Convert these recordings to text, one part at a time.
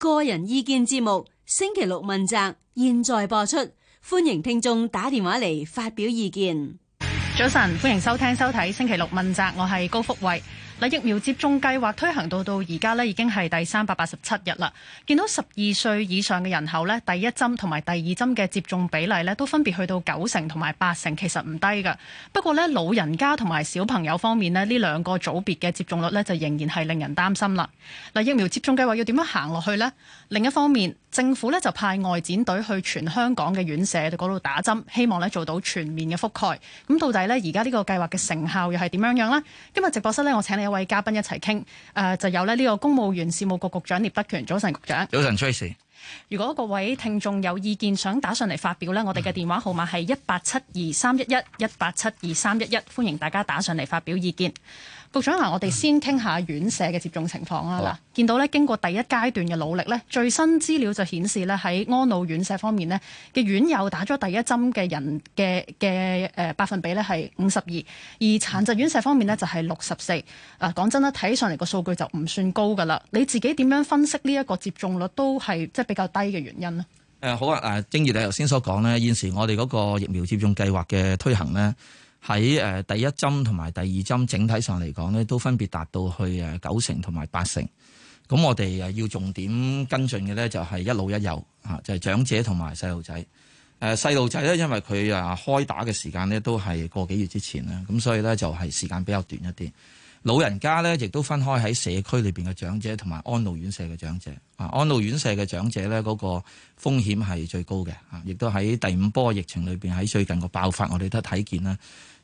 個人意見節目星期六問責，現在播出，歡迎聽眾打電話嚟發表意見。早晨，歡迎收聽收睇星期六問責，我係高福慧。疫苗接種計劃推行到到而家已經係第三百八十七日啦。見到十二歲以上嘅人口呢，第一針同埋第二針嘅接種比例呢都分別去到九成同埋八成，其實唔低㗎。不過呢老人家同埋小朋友方面咧，呢兩個組別嘅接種率呢就仍然係令人擔心啦。嗱，疫苗接種計劃要點樣行落去呢？另一方面，政府呢就派外展隊去全香港嘅院舍度打針，希望呢做到全面嘅覆蓋。咁到底咧，而家呢個計劃嘅成效又係點樣樣呢？今日直播室呢，我請你。各位嘉賓一齊傾，誒，就有咧呢個公務員事務局局，局長聶德權，早晨局長。早晨，崔 Sir。如果各位聽眾有意見，想打上嚟發表呢，我哋嘅電話號碼係一八七二三一一一八七二三一一，歡迎大家打上嚟發表意見。局長，嗱，我哋先傾下院舍嘅接種情況啦。嗱，見到咧，經過第一階段嘅努力咧，最新資料就顯示咧，喺安老院舍方面咧嘅院友打咗第一針嘅人嘅嘅誒百分比咧係五十二，而殘疾院舍方面呢就係六十四。誒、啊，講真啦，睇上嚟個數據就唔算高㗎喇。你自己點樣分析呢一個接種率都係即係比較低嘅原因咧？誒、呃，好啊。誒，正如你頭先所講咧，現時我哋嗰個疫苗接種計劃嘅推行咧。喺第一針同埋第二針整體上嚟講咧，都分別達到去九成同埋八成。咁我哋要重點跟進嘅咧，就係一老一幼啊，就係長者同埋細路仔。細路仔咧，因為佢啊開打嘅時間咧，都係個幾月之前啦，咁所以咧就係時間比較短一啲。老人家咧，亦都分開喺社區裏邊嘅長者，同埋安老院舍嘅長者。啊，安老院舍嘅長者咧，嗰個風險係最高嘅。啊，亦都喺第五波疫情裏邊。喺最近個爆發，我哋都睇見啦，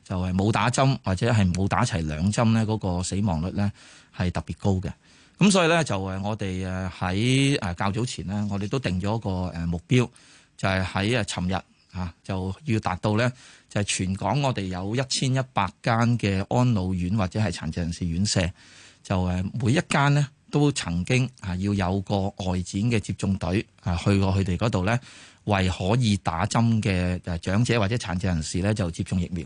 就係、是、冇打針或者係冇打齊兩針咧，嗰個死亡率咧係特別高嘅。咁所以咧，就誒我哋喺誒較早前呢，我哋都定咗一個誒目標，就係喺啊尋日。啊，就要達到咧，就係全港我哋有一千一百間嘅安老院或者係殘疾人士院舍，就每一間呢，都曾經啊要有個外展嘅接種隊啊去過佢哋嗰度咧，為可以打針嘅誒長者或者殘疾人士咧就接種疫苗。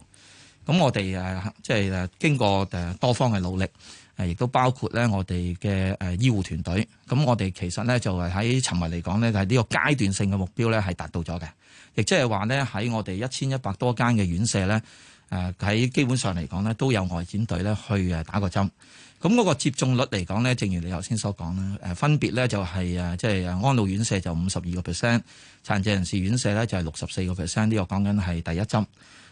咁我哋即係誒經過多方嘅努力誒，亦都包括咧我哋嘅誒醫護團隊。咁我哋其實咧就係喺尋日嚟講咧，就係呢個階段性嘅目標咧係達到咗嘅。亦即係話呢，喺我哋一千一百多間嘅院舍呢，誒喺基本上嚟講呢，都有外展隊呢去誒打個針。咁嗰個接種率嚟講呢，正如你頭先所講啦，誒分別呢就係誒即係安老院舍就五十二個 percent，殘疾人士院舍呢就係六十四個 percent。呢個講緊係第一針。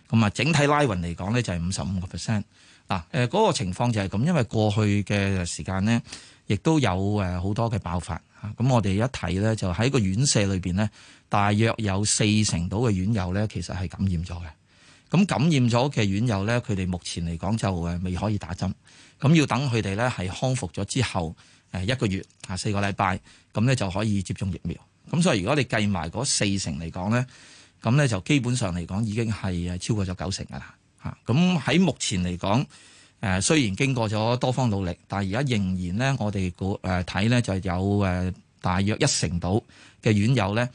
咁啊，整體拉勻嚟講呢，就係五十五個 percent。嗱，誒嗰個情況就係咁，因為過去嘅時間呢，亦都有誒好多嘅爆發。咁我哋一睇咧，就喺個院舍裏面咧，大約有四成到嘅院友咧，其實係感染咗嘅。咁感染咗嘅院友咧，佢哋目前嚟講就誒未可以打針，咁要等佢哋咧係康復咗之後誒一個月啊四個禮拜，咁咧就可以接種疫苗。咁所以如果你計埋嗰四成嚟講咧，咁咧就基本上嚟講已經係誒超過咗九成噶啦。嚇，咁喺目前嚟講。誒雖然經過咗多方努力，但係而家仍然咧，我哋誒睇咧就有誒大約一成到嘅院友咧，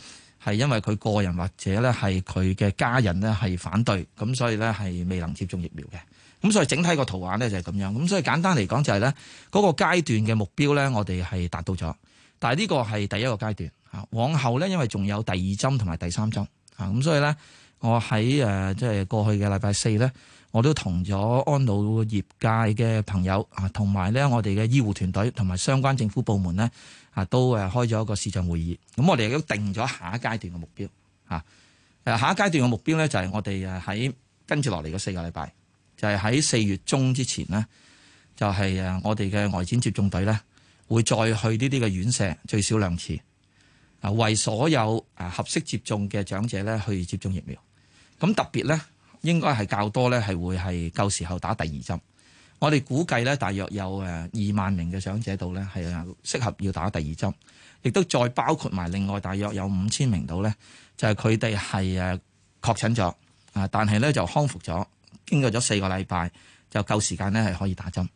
係因為佢個人或者咧係佢嘅家人咧係反對，咁所以咧係未能接種疫苗嘅。咁所以整體個圖畫咧就係咁樣。咁所以簡單嚟講就係咧，嗰個階段嘅目標咧，我哋係達到咗。但係呢個係第一個階段嚇，往後咧因為仲有第二針同埋第三針嚇，咁所以咧我喺誒即係過去嘅禮拜四咧。我都同咗安老業界嘅朋友啊，同埋咧我哋嘅醫護團隊同埋相關政府部門咧啊，都誒開咗一個視像會議。咁我哋亦都定咗下一階段嘅目標誒，下一階段嘅目標咧就係我哋誒喺跟住落嚟嘅四個禮拜，就係喺四月中之前呢，就係、是、誒我哋嘅外展接種隊咧會再去呢啲嘅院舍最少兩次啊，為所有誒合適接種嘅長者咧去接種疫苗。咁特別咧。應該係較多咧，係會係夠時候打第二針。我哋估計咧，大約有誒二萬名嘅長者度咧係適合要打第二針，亦都再包括埋另外大約有五千名度咧，就係佢哋係誒確診咗啊，但係咧就康復咗，經過咗四個禮拜就夠時間咧係可以打針。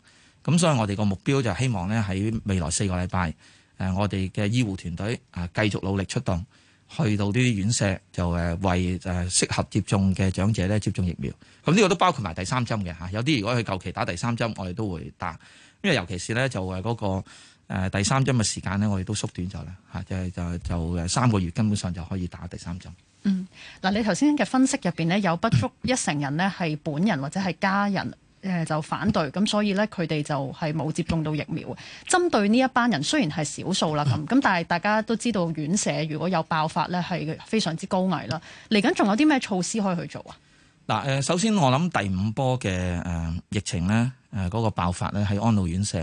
咁所以我哋個目標就希望咧喺未來四個禮拜誒，我哋嘅醫護團隊啊繼續努力出動。去到啲院舍就誒為誒適合接種嘅長者咧接種疫苗，咁呢個都包括埋第三針嘅嚇，有啲如果佢夠期打第三針，我哋都會打，因為尤其是咧就誒嗰個誒第三針嘅時間咧，我哋都縮短咗啦嚇，就係就就誒三個月根本上就可以打第三針。嗯，嗱你頭先嘅分析入面呢，有不足一成人呢係本人或者係家人，誒，就反對，咁所以咧，佢哋就係冇接種到疫苗。針對呢一班人，雖然係少數啦，咁咁，但係大家都知道，院舍如果有爆發咧，係非常之高危啦。嚟緊仲有啲咩措施可以去做啊？嗱，誒，首先我諗第五波嘅誒疫情咧，誒嗰個爆發咧喺安老院舍，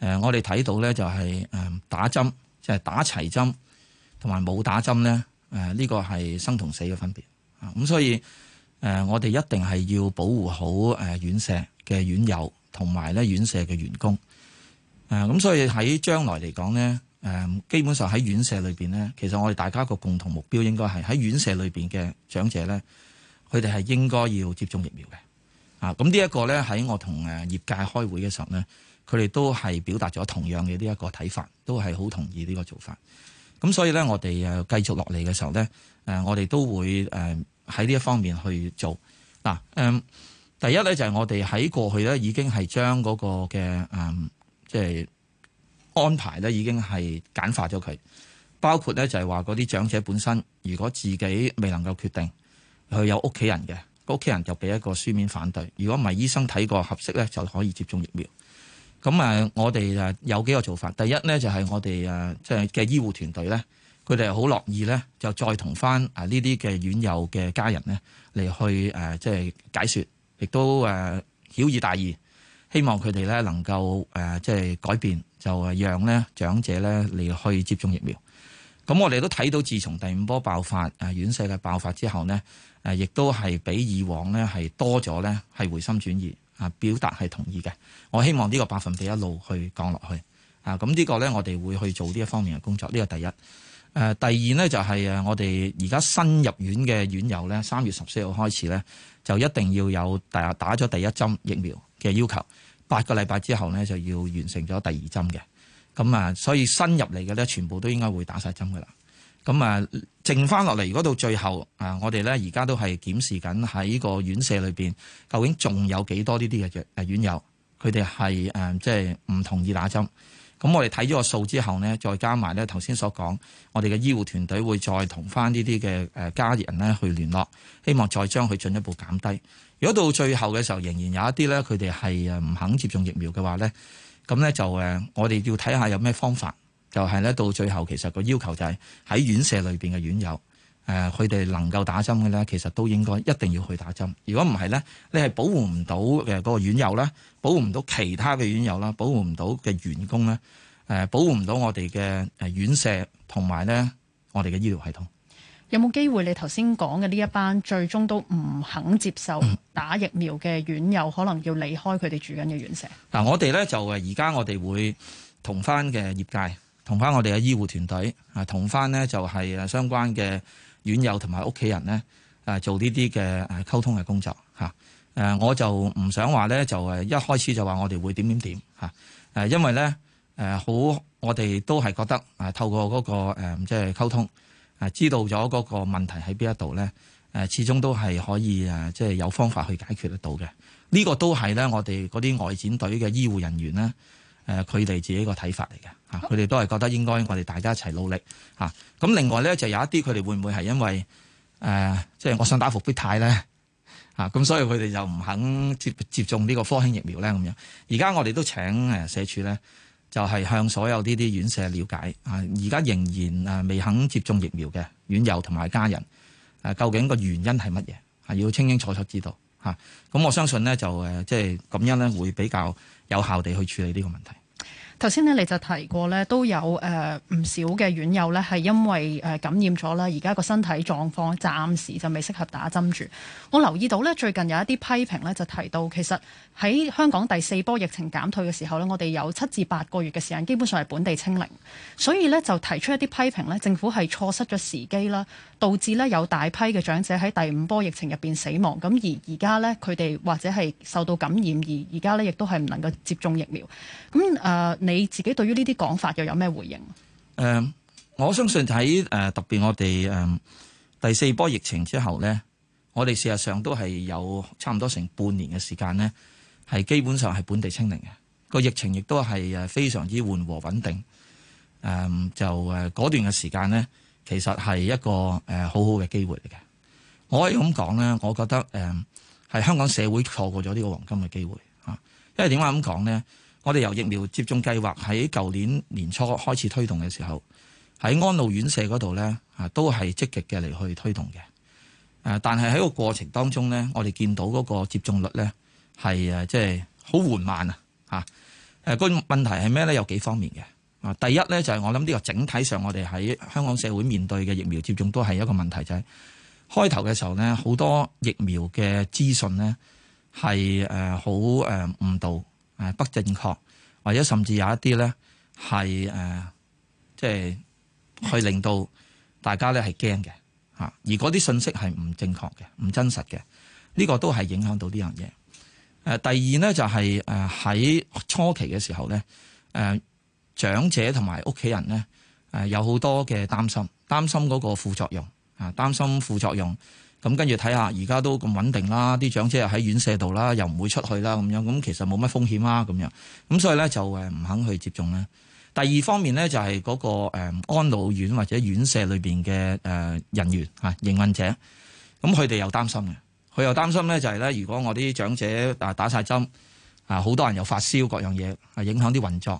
誒，我哋睇到咧就係誒打針，即係打齊針，同埋冇打針咧，誒呢個係生同死嘅分別啊，咁所以。誒、呃，我哋一定係要保護好誒、呃、院舍嘅院友，同埋咧院舍嘅員工。誒、呃，咁所以喺將來嚟講呢，誒、呃，基本上喺院舍裏邊呢，其實我哋大家個共同目標應該係喺院舍裏邊嘅長者呢，佢哋係應該要接種疫苗嘅。啊，咁呢一個呢，喺我同誒、呃、業界開會嘅時候呢，佢哋都係表達咗同樣嘅呢一個睇法，都係好同意呢個做法。咁所以呢，我哋誒繼續落嚟嘅時候呢，誒、呃，我哋都會誒。呃喺呢一方面去做嗱，第一咧就係我哋喺過去咧已經係將嗰個嘅，嗯，即係安排咧已經係簡化咗佢，包括咧就係話嗰啲長者本身如果自己未能夠決定，佢有屋企人嘅，屋企人就俾一個書面反對，如果唔係醫生睇過合適咧，就可以接種疫苗。咁我哋有幾個做法，第一咧就係我哋即係嘅醫護團隊咧。佢哋係好樂意咧，就再同翻啊呢啲嘅院友嘅家人咧嚟去即係解説，亦都誒曉以大義。希望佢哋咧能夠誒，即係改變，就係讓咧長者咧嚟去接種疫苗。咁我哋都睇到，自從第五波爆發啊院舍嘅爆發之後呢，亦都係比以往呢係多咗咧，係回心轉意啊，表達係同意嘅。我希望呢個百分比一路去降落去啊。咁、這、呢個咧，我哋會去做呢一方面嘅工作。呢個第一。誒第二咧就係誒我哋而家新入院嘅院友咧，三月十四號開始咧就一定要有第打咗第一針疫苗嘅要求，八個禮拜之後咧就要完成咗第二針嘅。咁啊，所以新入嚟嘅咧全部都應該會打晒針噶啦。咁啊，剩翻落嚟，如果到最後啊，我哋咧而家都係檢視緊喺個院舍裏邊，究竟仲有幾多呢啲嘅院院友佢哋係誒即係唔同意打針。咁我哋睇咗個數之後呢，再加埋呢頭先所講，我哋嘅醫護團隊會再同返呢啲嘅誒家人呢去聯絡，希望再將佢進一步減低。如果到最後嘅時候仍然有一啲呢，佢哋係誒唔肯接種疫苗嘅話呢，咁呢就誒我哋要睇下有咩方法，就係呢，到最後其實個要求就係喺院舍裏面嘅院友。誒佢哋能夠打針嘅咧，其實都應該一定要去打針。如果唔係咧，你係保護唔到誒嗰個院友啦，保護唔到其他嘅院友啦，保護唔到嘅員工咧，誒、呃、保護唔到我哋嘅誒院舍同埋咧我哋嘅醫療系統。有冇機會你頭先講嘅呢一班最終都唔肯接受打疫苗嘅院友、嗯，可能要離開佢哋住緊嘅院舍？嗱、啊，我哋咧就誒而家我哋會同翻嘅業界，同翻我哋嘅醫護團隊啊，同翻咧就係、是、誒相關嘅。院友同埋屋企人咧，誒做呢啲嘅誒溝通嘅工作嚇誒，我就唔想話咧就誒一開始就話我哋會點點點，嚇誒，因為咧誒，好我哋都係覺得誒透過嗰個誒即係溝通誒，知道咗嗰個問題喺邊一度咧誒，始終都係可以誒即係有方法去解決得到嘅。呢個都係咧我哋嗰啲外展隊嘅醫護人員咧。誒，佢哋自己個睇法嚟嘅佢哋都係覺得應該，應該我哋大家一齊努力嚇。咁、啊、另外咧，就有一啲佢哋會唔會係因為誒，即、呃、係、就是、我想打復必泰咧嚇，咁、啊、所以佢哋就唔肯接接種呢個科興疫苗咧咁樣。而家我哋都請誒社署咧，就係、是、向所有呢啲院舍了解啊，而家仍然未肯接種疫苗嘅院友同埋家人、啊、究竟個原因係乜嘢？要清清楚楚知道嚇。咁、啊、我相信咧就即係咁樣咧會比較。有效地去處理呢個問題。頭先咧，你就提過咧，都有誒唔少嘅院友咧，係因為誒感染咗咧，而家個身體狀況暫時就未適合打針住。我留意到咧，最近有一啲批評咧，就提到其實喺香港第四波疫情減退嘅時候呢，我哋有七至八個月嘅時間，基本上係本地清零，所以呢，就提出一啲批評，政府係錯失咗時機啦，導致呢有大批嘅長者喺第五波疫情入邊死亡。咁而而家呢，佢哋或者係受到感染，而而家呢亦都係唔能夠接種疫苗。咁、呃、你自己對於呢啲講法又有咩回應？呃，我相信喺、呃、特別我哋、呃、第四波疫情之後呢，我哋事實上都係有差唔多成半年嘅時間呢。係基本上係本地清零嘅，個疫情亦都係誒非常之緩和穩定。誒就誒嗰段嘅時間呢，其實係一個誒好好嘅機會嚟嘅。我可以咁講呢，我覺得誒係香港社會錯過咗呢個黃金嘅機會嚇。因為點解咁講呢？我哋由疫苗接種計劃喺舊年年初開始推動嘅時候，喺安老院舍嗰度呢，啊都係積極嘅嚟去推動嘅。誒，但係喺個過程當中呢，我哋見到嗰個接種率呢。係、就是、啊，即係好緩慢啊，嚇、啊。誒，個問題係咩咧？有幾方面嘅啊。第一咧，就係、是、我諗呢個整體上，我哋喺香港社會面對嘅疫苗接種都係一個問題，就係、是、開頭嘅時候咧，好多疫苗嘅資訊咧係誒好誒誤導誒、啊、不正確，或者甚至有一啲咧係誒即係去令到大家咧係驚嘅嚇。而嗰啲信息係唔正確嘅，唔真實嘅，呢、這個都係影響到呢樣嘢。誒第二咧就係誒喺初期嘅時候咧，誒長者同埋屋企人咧誒有好多嘅擔心，擔心嗰個副作用啊，擔心副作用。咁跟住睇下而家都咁穩定啦，啲長者又喺院舍度啦，又唔會出去啦咁樣，咁其實冇乜風險啦。咁樣。咁所以咧就誒唔肯去接種呢。第二方面咧就係嗰個誒安老院或者院舍裏邊嘅誒人員啊營運者，咁佢哋又擔心嘅。佢又擔心咧，就係咧，如果我啲長者啊打晒針，啊好多人又發燒，各樣嘢啊影響啲運作，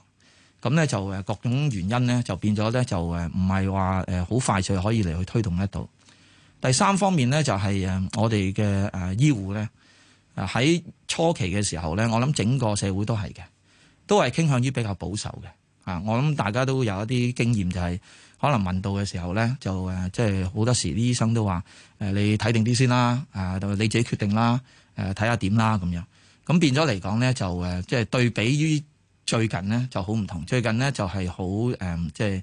咁咧就誒各種原因咧就變咗咧就誒唔係話誒好快脆可以嚟去推動得到。第三方面咧就係誒我哋嘅誒醫護咧，喺初期嘅時候咧，我諗整個社會都係嘅，都係傾向於比較保守嘅啊。我諗大家都有一啲經驗就係、是。可能問到嘅時候咧，就即係好多時啲醫生都話：你睇定啲先啦，你自己決定啦，睇下點啦咁樣。咁變咗嚟講咧，就即係對比於最近咧就好唔同。最近咧就係好即係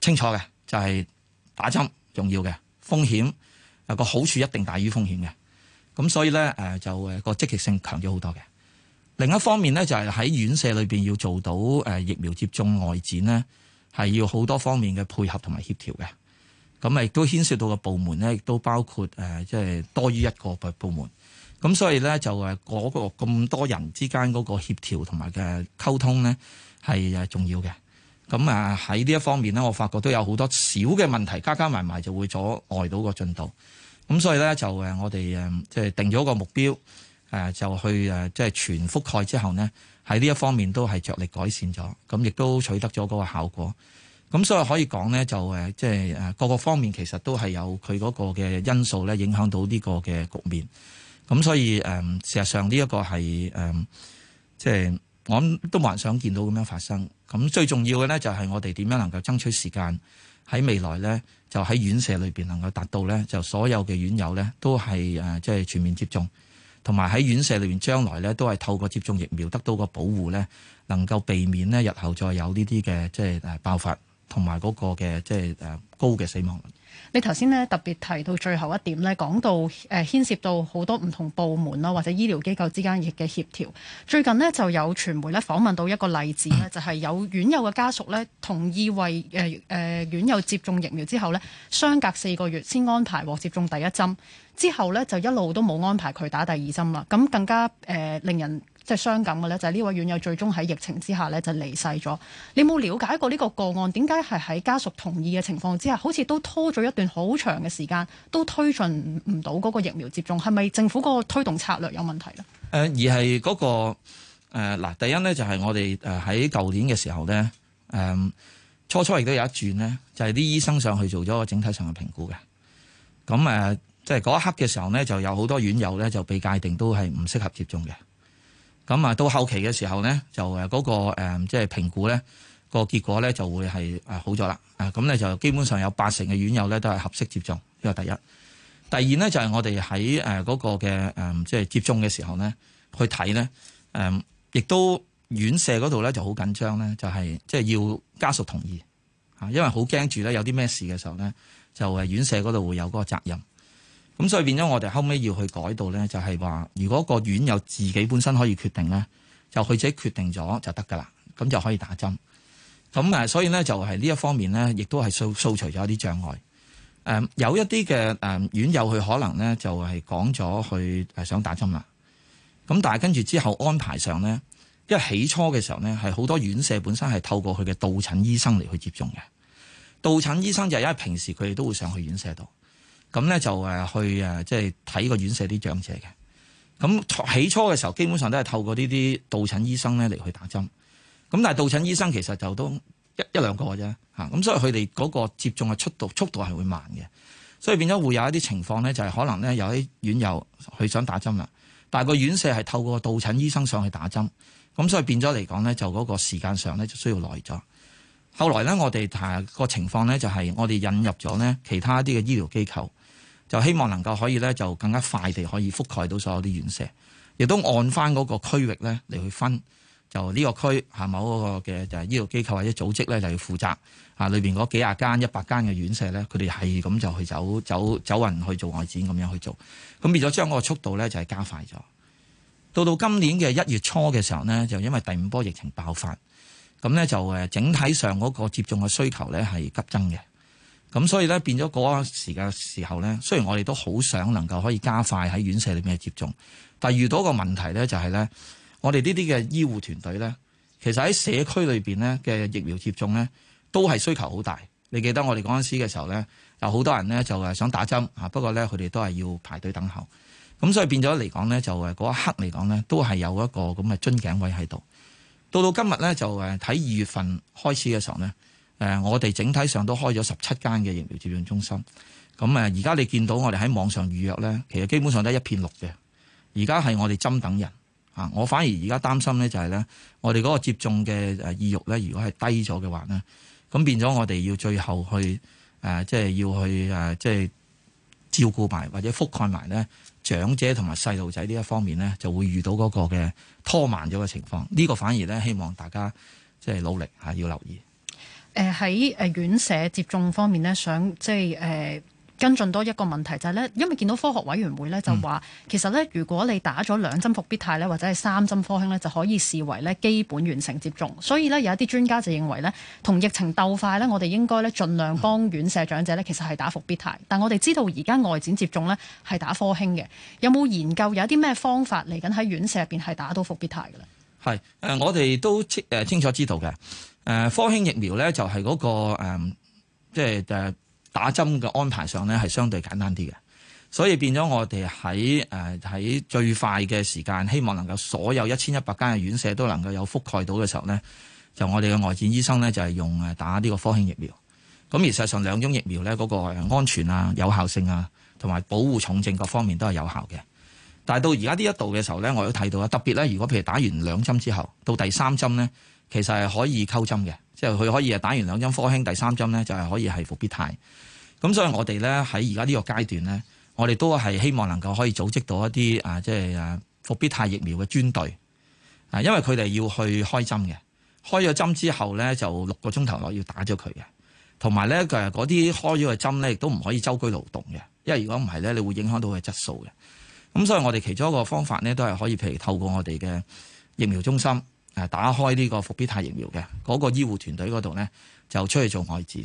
清楚嘅，就係打針重要嘅風險，個好處一定大於風險嘅。咁所以咧就誒個積極性強咗好多嘅。另一方面咧就係喺院舍裏面要做到疫苗接種外展咧。係要好多方面嘅配合同埋協調嘅，咁咪亦都牽涉到個部門咧，亦都包括誒，即係多於一個部部門。咁所以咧就誒嗰個咁多人之間嗰個協調同埋嘅溝通咧係誒重要嘅。咁啊喺呢一方面咧，我發覺都有好多小嘅問題加加埋埋就會阻礙到個進度。咁所以咧就誒我哋誒即係定咗個目標。誒就去誒，即係全覆蓋之後呢，喺呢一方面都係着力改善咗，咁亦都取得咗嗰個效果。咁所以可以講呢，就誒即係誒，各個方面其實都係有佢嗰個嘅因素咧，影響到呢個嘅局面。咁所以誒、嗯，事實上呢一個係誒，即、嗯、係、就是、我諗都冇人想見到咁樣發生。咁最重要嘅呢，就係我哋點樣能夠爭取時間喺未來呢，就喺院舍裏邊能夠達到呢，就所有嘅院友呢，都係誒，即係全面接種。同埋喺院舍裏面，將來咧都係透過接種疫苗得到個保護，呢能夠避免咧日後再有呢啲嘅即係誒爆發，同埋嗰個嘅即係誒高嘅死亡率。你頭先呢特別提到最後一點，呢講到誒牽涉到好多唔同部門啦，或者醫療機構之間亦嘅協調。最近呢就有傳媒咧訪問到一個例子呢、嗯、就係、是、有院友嘅家屬呢同意為誒誒、呃、院友接種疫苗之後，呢相隔四個月先安排獲接種第一針。之後咧就一路都冇安排佢打第二針啦。咁更加、呃、令人即傷感嘅咧，就係呢位院友最終喺疫情之下咧就離世咗。你冇了解過呢個個案點解係喺家屬同意嘅情況之下，好似都拖咗一段好長嘅時間都推進唔到嗰個疫苗接種？係咪政府個個推動策略有問題咧、呃？而係嗰、那個嗱、呃，第一咧就係我哋喺舊年嘅時候咧，誒初初亦都有一轉呢，就係、是、啲、呃就是、醫生上去做咗個整體上嘅評估嘅。咁即係嗰一刻嘅時候呢，就有好多院友呢就被界定都係唔適合接種嘅。咁啊，到後期嘅時候呢，就嗰、嗰個即係、呃就係、評估呢個結果呢就會係好咗啦。啊，咁呢，就基本上有八成嘅院友呢都係合適接種。呢個第一，第二呢，就係、係、我哋喺嗰個嘅即係接種嘅時候呢去睇呢，亦、呃、都院舍嗰度呢就好緊張呢，就係即係要家屬同意，因為好驚住咧有啲咩事嘅時候呢，就院舍嗰度會有嗰個責任。咁所以變咗，我哋後尾要去改到咧，就係、是、話，如果個院友自己本身可以決定咧，就佢自己決定咗就得噶啦，咁就可以打針。咁啊，所以咧就係、是、呢一方面咧，亦都係掃掃除咗啲障礙。誒、嗯，有一啲嘅誒院友佢可能咧就係講咗去誒想打針啦。咁但係跟住之後安排上咧，因為起初嘅時候咧係好多院舍本身係透過佢嘅導診醫生嚟去接種嘅，導診醫生就係因為平時佢哋都會上去院舍度。咁咧就誒去誒，即係睇個院舍啲長者嘅。咁起初嘅時候，基本上都係透過呢啲到診醫生咧嚟去打針。咁但係到診醫生其實就都一一兩個啫嚇，咁所以佢哋嗰個接種嘅速度速度係會慢嘅，所以變咗會有一啲情況咧，就係可能咧有啲院友佢想打針啦，但係個院舍係透過到診醫生上去打針，咁所以變咗嚟講咧，就嗰個時間上咧就需要耐咗。後來咧，我哋個情況咧就係我哋引入咗呢其他一啲嘅醫療機構。就希望能夠可以咧，就更加快地可以覆蓋到所有啲院舍，亦都按翻嗰個區域咧嚟去分，就呢個區係某個嘅就係醫療機構或者組織咧，就要負責啊，裏面嗰幾廿間、一百間嘅院舍咧，佢哋係咁就去走走走人去做外展咁樣去做，咁變咗將嗰個速度咧就係加快咗。到到今年嘅一月初嘅時候呢，就因為第五波疫情爆發，咁咧就誒整體上嗰個接種嘅需求咧係急增嘅。咁所以咧，變咗嗰陣時嘅時候咧，雖然我哋都好想能夠可以加快喺院舍裏面嘅接種，但係遇到一個問題咧，就係咧，我哋呢啲嘅醫護團隊咧，其實喺社區裏面咧嘅疫苗接種咧，都係需求好大。你記得我哋嗰陣時嘅時候咧，有好多人咧就係想打針啊，不過咧佢哋都係要排隊等候。咁所以變咗嚟講咧，就誒嗰一刻嚟講咧，都係有一個咁嘅樽頸位喺度。到到今日咧，就誒睇二月份開始嘅時候咧。誒，我哋整體上都開咗十七間嘅疫苗接種中心。咁誒，而家你見到我哋喺網上預約咧，其實基本上都係一片綠嘅。而家係我哋針等人啊，我反而而家擔心咧，就係咧，我哋嗰個接種嘅意欲咧，如果係低咗嘅話咧，咁變咗我哋要最後去誒，即係要去誒，即係照顧埋或者覆蓋埋咧長者同埋細路仔呢一方面咧，就會遇到嗰個嘅拖慢咗嘅情況。呢個反而咧，希望大家即係努力吓，要留意。誒喺誒院舍接種方面咧，想即係誒、呃、跟進多一個問題，就係咧，因為見到科學委員會咧就話、嗯，其實咧如果你打咗兩針復必泰咧，或者係三針科興咧，就可以視為咧基本完成接種。所以咧有一啲專家就認為咧，同疫情鬥快咧，我哋應該咧盡量幫院舍長者咧，其實係打復必泰。但我哋知道而家外展接種咧係打科興嘅，有冇研究有一啲咩方法嚟緊喺院舍入邊係打到復必泰嘅咧？係誒、呃，我哋都清、呃、清楚知道嘅。誒科興疫苗咧就係嗰個誒，即係誒打針嘅安排上咧係相對簡單啲嘅，所以變咗我哋喺誒喺最快嘅時間，希望能夠所有一千一百間嘅院舍都能夠有覆蓋到嘅時候咧，就我哋嘅外展醫生咧就係用打呢個科興疫苗。咁而實際上兩種疫苗咧嗰個安全啊、有效性啊，同埋保護重症各方面都係有效嘅。但係到而家呢一度嘅時候咧，我有睇到啊，特別咧如果譬如打完兩針之後，到第三針咧。其實係可以溝針嘅，即係佢可以係打完兩針科興，第三針咧就係可以係復必泰。咁所以我哋咧喺而家呢個階段咧，我哋都係希望能夠可以組織到一啲啊，即係復必泰疫苗嘅專隊啊，因為佢哋要去開針嘅，開咗針之後咧就六個鐘頭內要打咗佢嘅。同埋咧，其實嗰啲開咗嘅針咧亦都唔可以周居勞動嘅，因為如果唔係咧，你會影響到佢質素嘅。咁所以我哋其中一個方法咧，都係可以譬如透過我哋嘅疫苗中心。打開呢個伏必泰疫苗嘅嗰個醫護團隊嗰度咧，就出去做外展。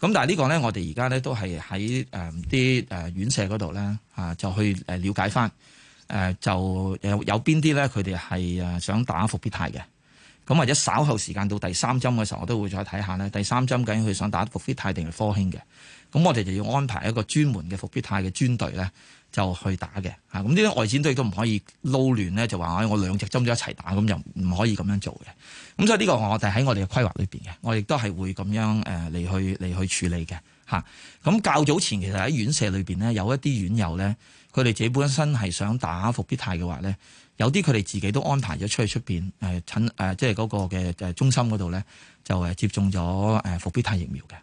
咁但係呢個咧，我哋而家咧都係喺啲誒院舍嗰度咧啊，就去了解翻、啊、就有邊啲咧佢哋係想打伏必泰嘅。咁或者稍後時間到第三針嘅時候，我都會再睇下咧。第三針究竟佢想打伏必泰定係科興嘅？咁我哋就要安排一個專門嘅伏必泰嘅專隊咧。就去打嘅嚇，咁呢啲外展都亦都唔可以撈亂咧，就話我我兩隻針咗一齊打，咁就唔可以咁樣做嘅。咁所以呢個我哋喺我哋嘅規劃裏面嘅，我亦都係會咁樣誒嚟去嚟去處理嘅嚇。咁較早前其實喺院舍裏面咧，有一啲院友咧，佢哋自己本身係想打復必泰嘅話咧，有啲佢哋自己都安排咗出去出面，誒、呃、診誒，即係嗰個嘅中心嗰度咧，就誒接種咗誒復必泰疫苗嘅。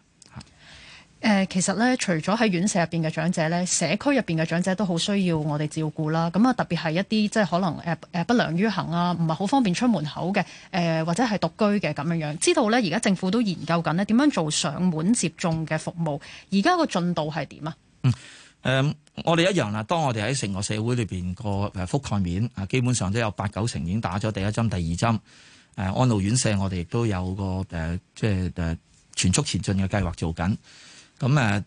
誒、呃、其實咧，除咗喺院舍入邊嘅長者咧，社區入邊嘅長者都好需要我哋照顧啦。咁啊，特別係一啲即係可能誒誒、呃呃、不良於行啊，唔係好方便出門口嘅誒、呃，或者係獨居嘅咁樣樣。知道咧，而家政府都研究緊呢點樣做上門接種嘅服務。而家個進度係點啊？嗯誒，我哋一樣啦。當我哋喺成個社會裏邊個誒覆蓋面啊，基本上都有八九成已經打咗第一針、第二針。誒、呃、安老院舍，我哋亦都有個誒即係誒全速前進嘅計劃做緊。咁誒，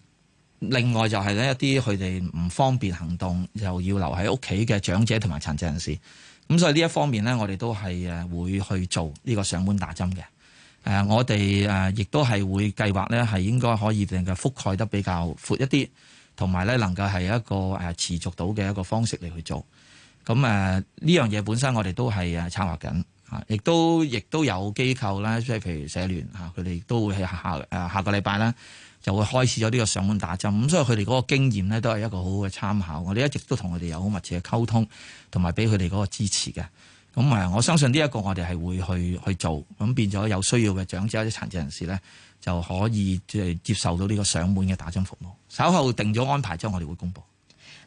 另外就係咧一啲佢哋唔方便行動，又要留喺屋企嘅長者同埋殘疾人士。咁所以呢一方面咧，我哋都係誒會去做呢個上門打針嘅。誒，我哋誒亦都係會計劃咧，係應該可以令佢覆蓋得比較闊一啲，同埋咧能夠係一個持續到嘅一個方式嚟去做。咁誒呢樣嘢本身我哋都係誒策劃緊，啊，亦都亦都有機構啦，即係譬如社聯啊，佢哋都會喺下下個禮拜啦，就會開始咗呢個上門打針，咁所以佢哋嗰個經驗咧都係一個好好嘅參考。我哋一直都同佢哋有好密切嘅溝通，同埋俾佢哋嗰個支持嘅。咁啊，我相信呢一個我哋係會去去做，咁變咗有需要嘅長者或者殘疾人士咧，就可以即係接受到呢個上門嘅打針服務。稍後定咗安排之後，我哋會公佈。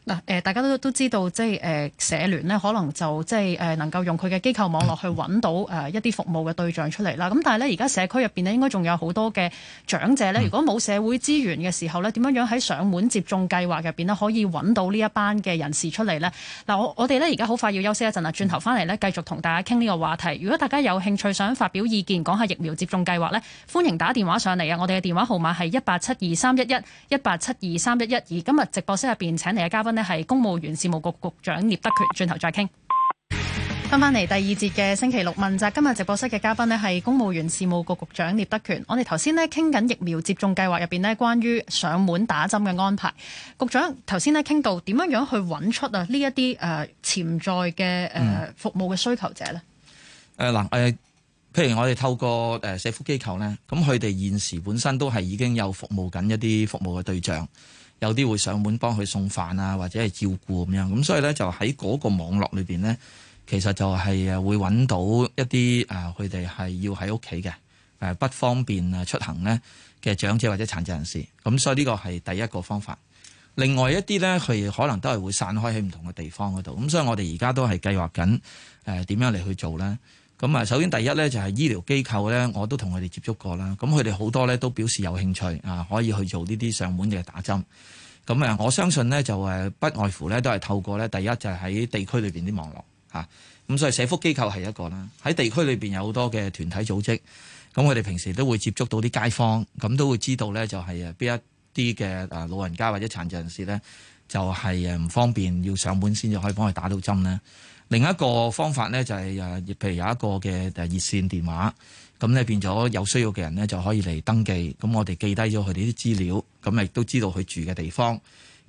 嗱，誒，大家都都知道，即係誒社聯咧，可能就即係誒能夠用佢嘅機構網絡去揾到誒一啲服務嘅對象出嚟啦。咁但係咧，而家社區入邊咧，應該仲有好多嘅長者咧。如果冇社會資源嘅時候咧，點樣樣喺上門接種計劃入邊咧，可以揾到呢一班嘅人士出嚟呢？嗱，我哋咧而家好快要休息一陣啦，轉頭翻嚟咧，繼續同大家傾呢個話題。如果大家有興趣想發表意見，講下疫苗接種計劃呢，歡迎打電話上嚟啊！我哋嘅電話號碼係一八七二三一一一八七二三一一二。今日直播室入邊請嚟嘅嘉賓。呢係公務員事務局局長聶德權，轉頭再傾翻翻嚟第二節嘅《星期六問責》。今日直播室嘅嘉賓呢係公務員事務局局長聶德權。我哋頭先呢傾緊疫苗接種計劃入邊呢，關於上門打針嘅安排。局長頭先呢傾到點樣樣去揾出啊呢一啲誒潛在嘅誒服務嘅需求者呢，誒嗱誒，譬如我哋透過誒社福機構呢，咁佢哋現時本身都係已經有服務緊一啲服務嘅對象。有啲會上門幫佢送飯啊，或者係照顧咁樣，咁所以咧就喺嗰個網絡裏邊咧，其實就係誒會揾到一啲誒佢哋係要喺屋企嘅誒不方便啊出行咧嘅長者或者殘疾人士，咁所以呢個係第一個方法。另外一啲咧，佢可能都係會散開喺唔同嘅地方嗰度，咁所以我哋而家都係計劃緊誒點樣嚟去做咧。咁啊，首先第一咧就係醫療機構咧，我都同佢哋接觸過啦。咁佢哋好多咧都表示有興趣啊，可以去做呢啲上門嘅打針。咁啊，我相信呢，就誒不外乎咧都係透過咧第一就係喺地區裏面啲網絡。咁所以社福機構係一個啦，喺地區裏面有好多嘅團體組織。咁佢哋平時都會接觸到啲街坊，咁都會知道咧就係誒邊一啲嘅老人家或者殘疾人士咧，就係唔方便要上門先至可以幫佢打到針咧。另一個方法咧就係誒亦，譬如有一個嘅誒熱線電話，咁咧變咗有需要嘅人咧就可以嚟登記，咁我哋記低咗佢哋啲資料，咁亦都知道佢住嘅地方，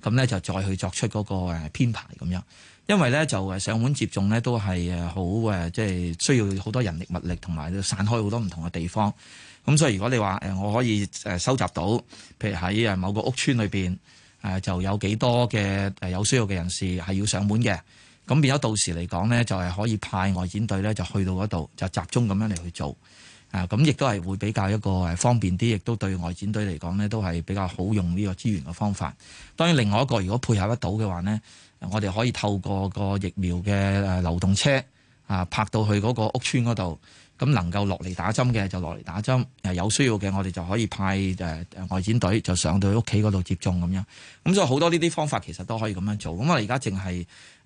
咁咧就再去作出嗰個誒編排咁樣。因為咧就上門接種咧都係好，即係需要好多人力物力，同埋散開好多唔同嘅地方。咁所以如果你話我可以收集到，譬如喺某個屋村裏邊，就有幾多嘅有需要嘅人士係要上門嘅。咁變咗到時嚟講呢，就係可以派外展隊呢，就去到嗰度，就集中咁樣嚟去做。啊，咁亦都係會比較一個誒方便啲，亦都對外展隊嚟講呢，都係比較好用呢個資源嘅方法。當然，另外一個如果配合得到嘅話呢，我哋可以透過個疫苗嘅流動車啊，泊到去嗰個屋村嗰度。咁能夠落嚟打針嘅就落嚟打針，誒有需要嘅我哋就可以派誒外展隊就上到屋企嗰度接種咁樣，咁所以好多呢啲方法其實都可以咁樣做。咁我哋而家淨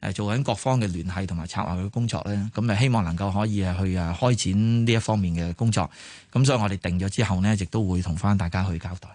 係做緊各方嘅聯繫同埋策劃嘅工作咧，咁誒希望能夠可以去啊開展呢一方面嘅工作。咁所以我哋定咗之後呢，亦都會同返大家去交代。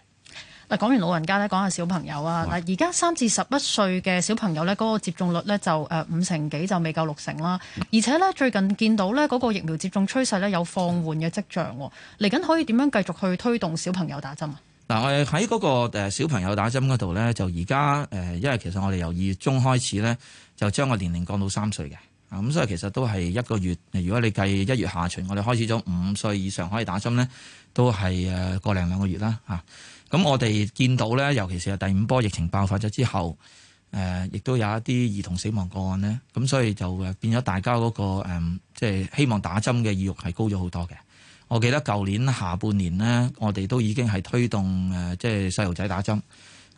嗱，講完老人家咧，講下小朋友啊。嗱，而家三至十一歲嘅小朋友咧，嗰個接種率咧就誒五成幾，就未夠六成啦。而且咧，最近見到咧嗰個疫苗接種趨勢咧有放緩嘅跡象喎，嚟緊可以點樣繼續去推動小朋友打針啊？嗱，喺嗰個誒小朋友打針嗰度咧，就而家誒，因為其實我哋由二月中開始咧，就將個年齡降到三歲嘅啊，咁所以其實都係一個月。如果你計一月下旬，我哋開始咗五歲以上可以打針咧，都係誒個零兩個月啦嚇。咁我哋見到咧，尤其是係第五波疫情爆發咗之後，誒、呃、亦都有一啲兒童死亡個案咧，咁所以就變咗大家嗰、嗰個即係、嗯就是、希望打針嘅意欲係高咗好多嘅。我記得舊年下半年咧，我哋都已經係推動即係細路仔打針。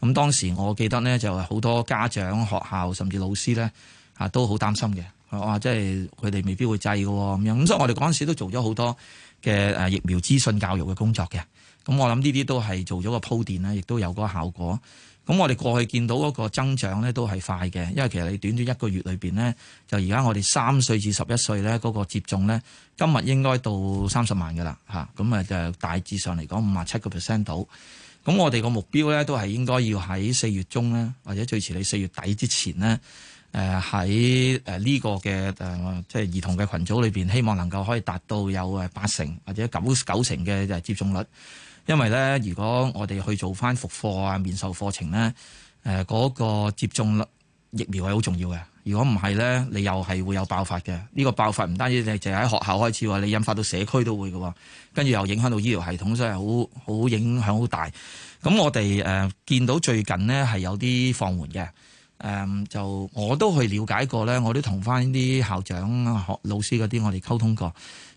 咁當時我記得咧，就好、係、多家長、學校甚至老師咧，啊都好擔心嘅，話即係佢哋未必會制㗎咁樣。咁所以我哋嗰陣時都做咗好多嘅疫苗資訊教育嘅工作嘅。咁我諗呢啲都係做咗個鋪墊啦，亦都有個效果。咁我哋過去見到嗰個增長咧都係快嘅，因為其實你短短一個月裏邊咧，就而家我哋三歲至十一歲咧嗰個接種咧，今日應該到三十萬噶啦，吓咁啊就大致上嚟講五十七個 percent 到。咁我哋個目標咧都係應該要喺四月中咧，或者最遲你四月底之前咧，誒喺誒呢個嘅誒即係兒童嘅群組裏邊，希望能夠可以達到有誒八成或者九九成嘅接種率。因為咧，如果我哋去做翻復課啊、面授課程咧，嗰、呃那個接種疫苗係好重要嘅。如果唔係咧，你又係會有爆發嘅。呢、這個爆發唔單止你，淨係喺學校開始喎，你引發到社區都會喎，跟住又影響到醫療系統，真係好好影響好大。咁我哋誒、呃、見到最近呢係有啲放緩嘅，誒、呃、就我都去了解過咧，我都同翻啲校長、學老師嗰啲我哋溝通過。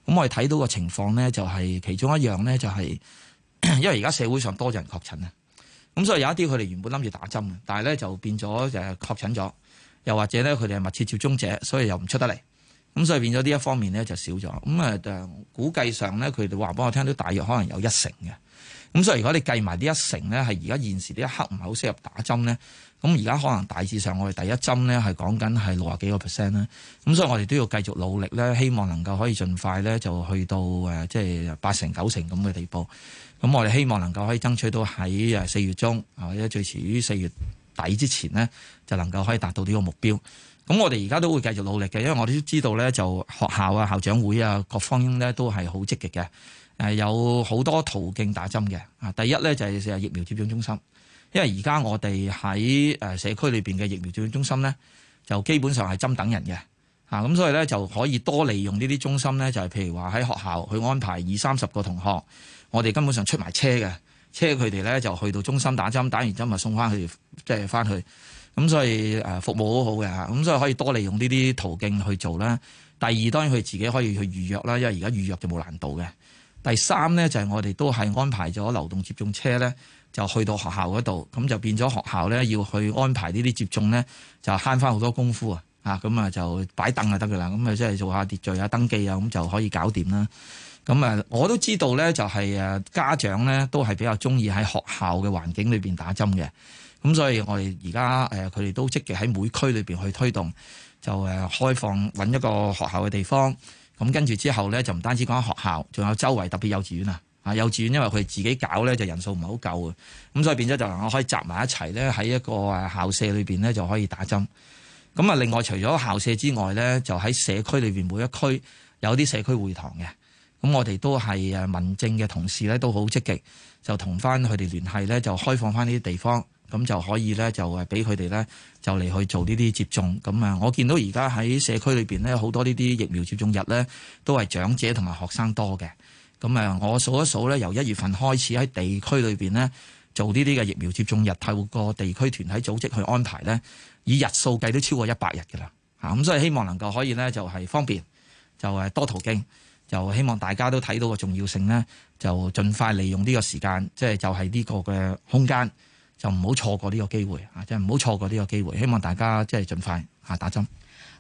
咁我哋睇到個情況咧，就係、是、其中一樣咧，就係、是。因為而家社會上多咗人確診啊，咁所以有一啲佢哋原本諗住打針但係咧就變咗就確診咗，又或者咧佢哋係密切接觸者，所以又唔出得嚟，咁所以變咗呢一方面咧就少咗，咁啊就估計上咧佢哋話俾我聽都大約可能有一成嘅。咁所以如果你計埋呢一成咧係而家現時呢一刻唔係好適合打針咧，咁而家可能大致上我哋第一針咧係講緊係六十幾個 percent 啦，咁所以我哋都要繼續努力咧，希望能夠可以盡快咧就去到誒即係八成九成咁嘅地步。咁我哋希望能夠可以爭取到喺四月中，或者最遲於四月底之前呢，就能夠可以達到呢個目標。咁我哋而家都會繼續努力嘅，因為我哋都知道呢，就學校啊、校長會啊，各方呢都係好積極嘅。有好多途徑打針嘅。啊，第一呢，就係疫苗接種中心，因為而家我哋喺社區裏面嘅疫苗接種中心呢，就基本上係針等人嘅。啊，咁所以呢，就可以多利用呢啲中心呢，就係譬如話喺學校去安排二三十個同學。我哋根本上出埋車嘅，車佢哋咧就去到中心打針，打完針咪送翻佢哋，即係翻去。咁、就是、所以服務好好嘅嚇，咁所以可以多利用呢啲途徑去做啦。第二當然佢自己可以去預約啦，因為而家預約就冇難度嘅。第三咧就係、是、我哋都係安排咗流動接種車咧，就去到學校嗰度，咁就變咗學校咧要去安排呢啲接種咧，就慳翻好多功夫啊！咁啊就擺凳就得噶啦，咁啊即係做下秩序啊、登記啊，咁就可以搞掂啦。咁、嗯、啊，我都知道咧，就係家長咧，都係比較中意喺學校嘅環境裏面打針嘅。咁所以我，我哋而家佢哋都積極喺每區裏面去推動，就誒開放揾一個學校嘅地方。咁跟住之後咧，就唔單止講學校，仲有周圍特別幼稚園啊。啊，幼稚園因為佢自己搞咧，就人數唔係好夠嘅。咁所以變咗就我可以集埋一齊咧，喺一個校舍裏面咧就可以打針。咁啊，另外除咗校舍之外咧，就喺社區裏面，每一區有啲社區會堂嘅。咁我哋都係民政嘅同事咧，都好積極，就同翻佢哋聯繫咧，就開放翻呢啲地方，咁就可以咧就俾佢哋咧就嚟去做呢啲接種。咁啊，我見到而家喺社區裏邊咧，好多呢啲疫苗接種日咧，都係長者同埋學生多嘅。咁啊，我數一數咧，由一月份開始喺地區裏邊咧做呢啲嘅疫苗接種日，透過地區團體組織去安排咧，以日數計都超過一百日㗎啦。嚇，咁所以希望能夠可以咧就係方便，就係多途徑。就希望大家都睇到個重要性咧，就盡快利用呢個時間，即係就係呢個嘅空間，就唔好錯過呢個機會啊！即係唔好錯過呢個機會，希望大家即係盡快嚇打針。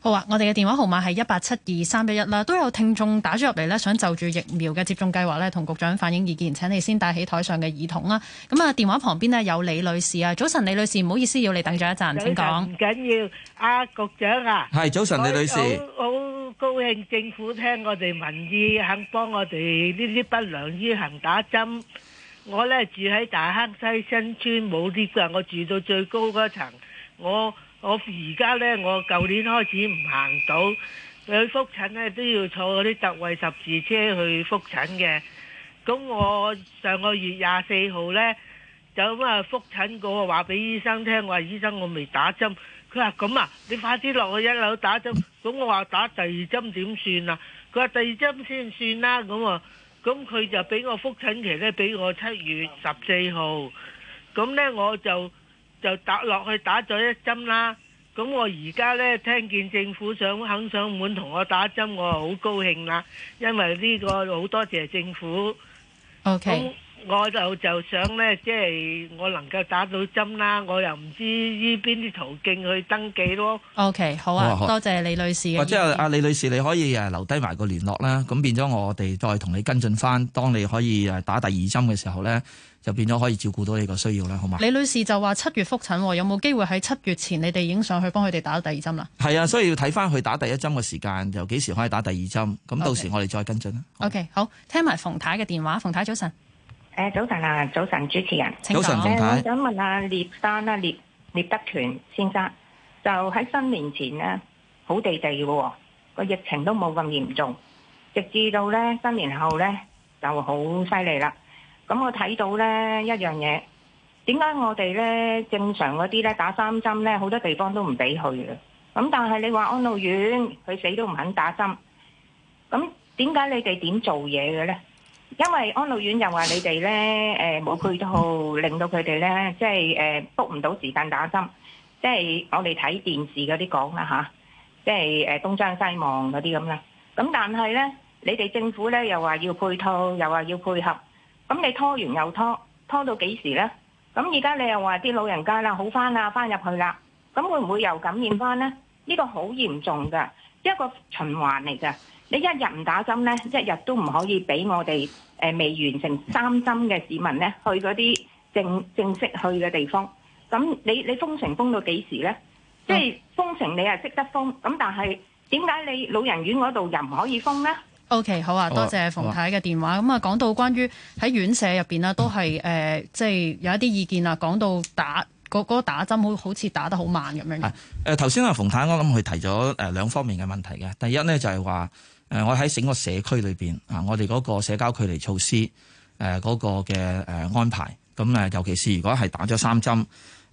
好啊！我哋嘅電話號碼係一八七二三一一啦，都有聽眾打咗入嚟咧，想就住疫苗嘅接種計劃咧，同局長反映意見，請你先帶起台上嘅耳筒啦。咁啊，電話旁邊呢，有李女士啊，早晨李女士，唔好意思，要你等咗一陣，請講。唔緊要，啊，局長啊。係，早晨李女士，我好高興政府聽我哋民意，肯幫我哋呢啲不良於行打針。我咧住喺大坑西新村，冇 lift 啊，我住到最高嗰層，我。我而家呢，我舊年開始唔行到去復診呢都要坐嗰啲特惠十字車去復診嘅。咁我上個月廿四號呢，就咁啊復診過，話俾醫生聽，我話醫生，我未打針，佢話咁啊，你快啲落去一樓打針。咁我話打第二針點算啊？佢話第二針先算啦。咁啊，咁佢就俾我復診期呢，俾我七月十四號。咁呢，我就。就打落去打咗一針啦，咁我而家呢，聽見政府想肯上門同我打針，我好高興啦，因為呢個好多謝政府。O K，咁我就就想呢，即係我能夠打到針啦，我又唔知依邊啲途徑去登記咯。O K，好啊，多謝李女士。或者阿李女士你可以留低埋個聯絡啦，咁變咗我哋再同你跟進翻，當你可以打第二針嘅時候呢。就變咗可以照顧到呢個需要啦，好嘛？李女士就話七月復診，有冇機會喺七月前你哋已影上去幫佢哋打第二針啦？係啊，所以要睇翻佢打第一針嘅時間，就幾時可以打第二針。咁到時我哋再跟進啦、okay。OK，好，聽埋馮太嘅電話。馮太，太早晨，誒早晨啊，早晨主持人。早晨馮太。我想問下聶丹啊，聶聶德權先生，就喺新年前咧好地地嘅，個疫情都冇咁嚴重，直至到咧新年後咧就好犀利啦。咁我睇到呢一樣嘢，點解我哋呢正常嗰啲呢打三針呢，好多地方都唔俾去嘅。咁但係你話安老院，佢死都唔肯打針。咁點解你哋點做嘢嘅呢？因為安老院又話你哋呢，誒冇配套，令到佢哋呢即係誒 book 唔到時間打針。即係我哋睇電視嗰啲講啦嚇，即係誒東張西望嗰啲咁啦。咁但係呢，你哋政府呢又話要配套，又話要配合。咁你拖完又拖，拖到幾時呢？咁而家你又話啲老人家啦好翻啦，翻入去啦，咁會唔會又感染翻呢？呢個好嚴重噶，一個循環嚟噶。你一日唔打針呢，一日都唔可以俾我哋未完成三針嘅市民呢去嗰啲正正式去嘅地方。咁你你封城封到幾時呢？即係封城你係識得封，咁但係點解你老人院嗰度又唔可以封呢？O.K. 好啊，好啊，多謝馮太嘅電話。咁啊，講、啊、到關於喺院舍入邊啦，都係誒，即、呃、係、就是、有一啲意見啊，講到打嗰嗰、那個、打針，好好似打得好慢咁樣。誒頭先啊，馮太，我諗佢提咗誒、呃、兩方面嘅問題嘅。第一呢，就係話誒，我、呃、喺整個社區裏邊啊，我哋嗰個社交距離措施誒嗰、呃那個嘅誒安排。咁、呃、誒，尤其是如果係打咗三針誒、